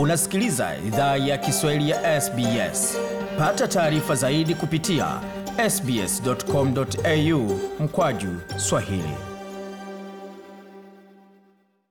Unasikiliza idhaa ya Kiswahili ya SBS. Pata taarifa zaidi kupitia sbs.com.au mkwaju swahili.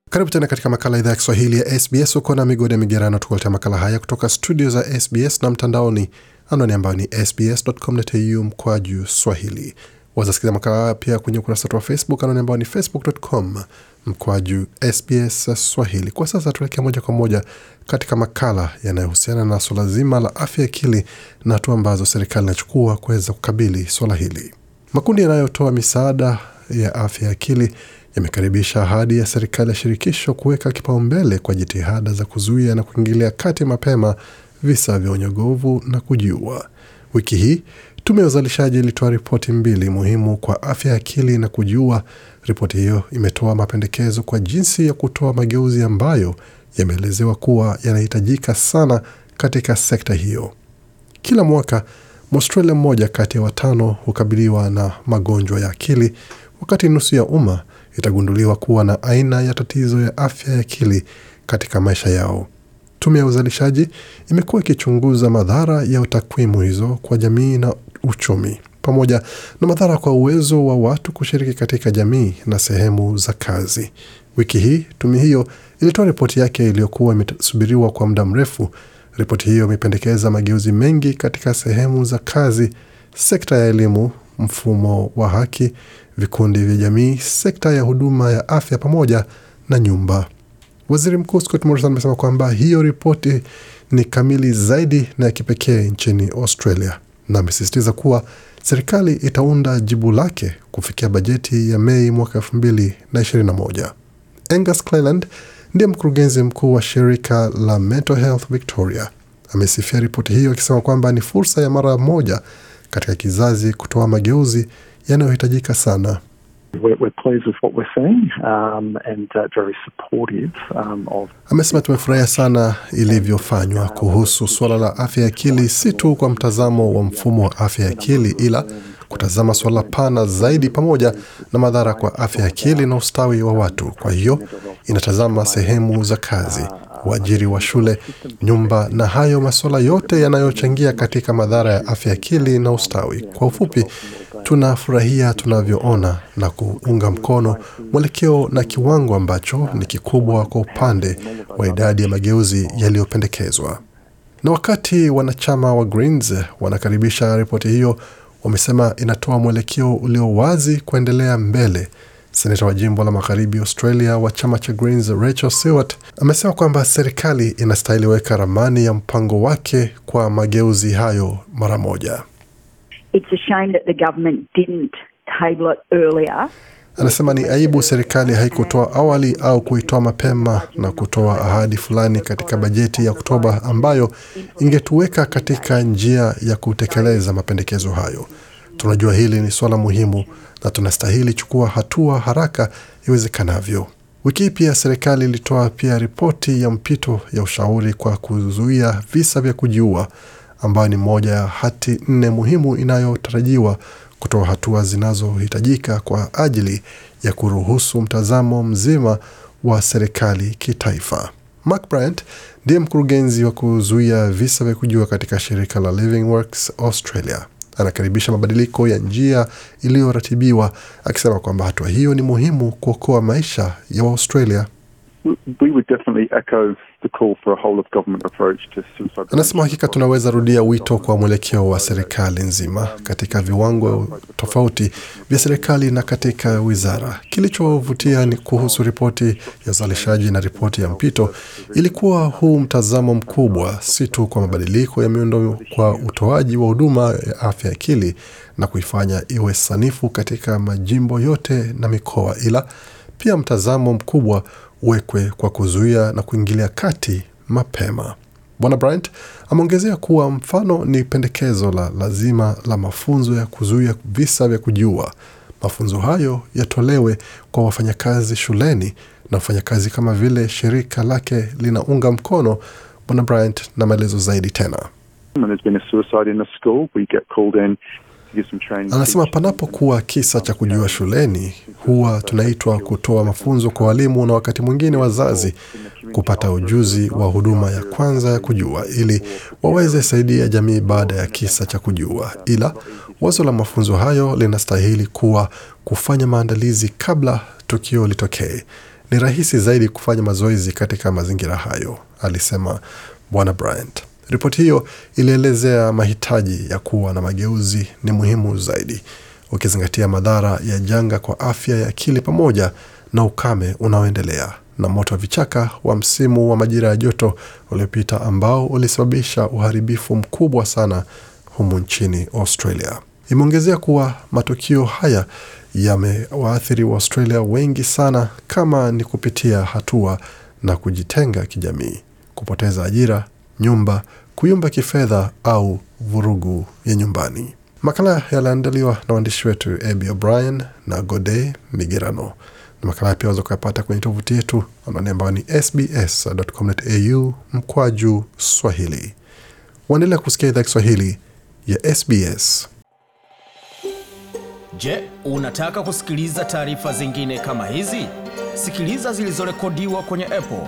Karibu tena katika makala idhaa ya Kiswahili ya SBS. Uko na migodi ya migerano, tukuletea makala haya kutoka studio za SBS na mtandaoni, anwani ambayo ni sbs.com.au mkwaju swahili wazasikiza makala pia kwenye ukurasa wetu wa Facebook anani ambao ni facebook.com mkwaju SBS Swahili. Kwa sasa tuelekea moja kwa moja katika makala yanayohusiana na swala zima la afya akili na hatua ambazo serikali inachukua kuweza kukabili swala hili. Makundi yanayotoa misaada ya afya ya akili yamekaribisha ahadi ya serikali ya shirikisho kuweka kipaumbele kwa jitihada za kuzuia na kuingilia kati mapema visa vya unyogovu na kujiua. Wiki hii Tume ya uzalishaji ilitoa ripoti mbili muhimu kwa afya ya akili na kujiua. Ripoti hiyo imetoa mapendekezo kwa jinsi ya kutoa mageuzi ambayo yameelezewa kuwa yanahitajika sana katika sekta hiyo. Kila mwaka Mwaustralia mmoja kati ya watano hukabiliwa na magonjwa ya akili, wakati nusu ya umma itagunduliwa kuwa na aina ya tatizo ya afya ya akili katika maisha yao. Tume ya uzalishaji imekuwa ikichunguza madhara ya takwimu hizo kwa jamii na uchumi pamoja na madhara kwa uwezo wa watu kushiriki katika jamii na sehemu za kazi. Wiki hii tume hiyo ilitoa ripoti yake iliyokuwa imesubiriwa kwa muda mrefu. Ripoti hiyo imependekeza mageuzi mengi katika sehemu za kazi, sekta ya elimu, mfumo wa haki, vikundi vya jamii, sekta ya huduma ya afya pamoja na nyumba. Waziri Mkuu Scott Morrison amesema kwamba hiyo ripoti ni kamili zaidi na ya kipekee nchini Australia na amesisitiza kuwa serikali itaunda jibu lake kufikia bajeti ya Mei mwaka moja. Angus Cleland ndiye mkurugenzi mkuu wa shirika la Mental Health Victoria. Amesifia ripoti hiyo akisema kwamba ni fursa ya mara moja katika kizazi kutoa mageuzi yanayohitajika sana. Um, uh, um, Amesema tumefurahia sana ilivyofanywa kuhusu suala la afya ya akili, si tu kwa mtazamo wa mfumo wa afya ya akili, ila kutazama suala pana zaidi pamoja na madhara kwa afya ya akili na ustawi wa watu. Kwa hiyo inatazama sehemu za kazi, uajiri wa shule, nyumba na hayo masuala yote yanayochangia katika madhara ya afya ya akili na ustawi. Kwa ufupi Tunafurahia tunavyoona na kuunga mkono mwelekeo na kiwango ambacho ni kikubwa kwa upande wa idadi ya mageuzi yaliyopendekezwa. Na wakati wanachama wa Greens wanakaribisha ripoti hiyo, wamesema inatoa mwelekeo ulio wazi kuendelea mbele. Seneta wa jimbo la magharibi Australia wa chama cha Greens Rachel sewart amesema kwamba serikali inastahili weka ramani ya mpango wake kwa mageuzi hayo mara moja. It's a shame that the government didn't table it earlier. Anasema ni aibu serikali haikutoa awali au kuitoa mapema na kutoa ahadi fulani katika bajeti ya Oktoba ambayo ingetuweka katika njia ya kutekeleza mapendekezo hayo. Tunajua hili ni suala muhimu na tunastahili chukua hatua haraka iwezekanavyo. Wiki hii pia serikali ilitoa pia ripoti ya mpito ya ushauri kwa kuzuia visa vya kujiua ambayo ni moja ya hati nne muhimu inayotarajiwa kutoa hatua zinazohitajika kwa ajili ya kuruhusu mtazamo mzima wa serikali kitaifa. Mark Bryant ndiye mkurugenzi wa kuzuia visa vya kujiua katika shirika la Living Works Australia. Anakaribisha mabadiliko ya njia iliyoratibiwa akisema kwamba hatua hiyo ni muhimu kuokoa maisha ya Waaustralia. Anasema hakika tunaweza rudia wito kwa mwelekeo wa serikali nzima katika viwango tofauti vya serikali na katika wizara. Kilichovutia ni kuhusu ripoti ya uzalishaji na ripoti ya mpito, ilikuwa huu mtazamo mkubwa, si tu kwa mabadiliko ya miundo, kwa utoaji wa huduma ya afya ya akili na kuifanya iwe sanifu katika majimbo yote na mikoa, ila pia mtazamo mkubwa uwekwe kwa kuzuia na kuingilia kati mapema. Bwana Bryant ameongezea kuwa mfano ni pendekezo la lazima la mafunzo ya kuzuia visa vya kujiua. Mafunzo hayo yatolewe kwa wafanyakazi shuleni na wafanyakazi kama vile shirika lake linaunga mkono. Bwana Bryant na maelezo zaidi tena. Anasema panapokuwa kisa cha kujiua shuleni, huwa tunaitwa kutoa mafunzo kwa walimu na wakati mwingine wazazi kupata ujuzi wa huduma ya kwanza ya kujua ili waweze saidia jamii baada ya kisa cha kujiua. Ila wazo la mafunzo hayo linastahili kuwa kufanya maandalizi kabla tukio litokee. Ni rahisi zaidi kufanya mazoezi katika mazingira hayo, alisema Bwana Bryant. Ripoti hiyo ilielezea mahitaji ya kuwa na mageuzi ni muhimu zaidi, ukizingatia madhara ya janga kwa afya ya akili pamoja na ukame unaoendelea na moto wa vichaka wa msimu wa majira ya joto uliopita ambao ulisababisha uharibifu mkubwa sana humu nchini Australia. Imeongezea kuwa matukio haya yamewaathiri Waaustralia wengi sana, kama ni kupitia hatua na kujitenga kijamii, kupoteza ajira nyumba, kuyumba kifedha au vurugu ya nyumbani. Makala yaliandaliwa na waandishi wetu ab O'Brien na Gode Migerano. Makala pia waweza kuyapata kwenye tovuti yetu anwani ambayo ni sbs.com.au mkwaju swahili. Waendelea kusikia idhaa Kiswahili ya SBS. Je, unataka kusikiliza taarifa zingine kama hizi? Sikiliza zilizorekodiwa kwenye Apple,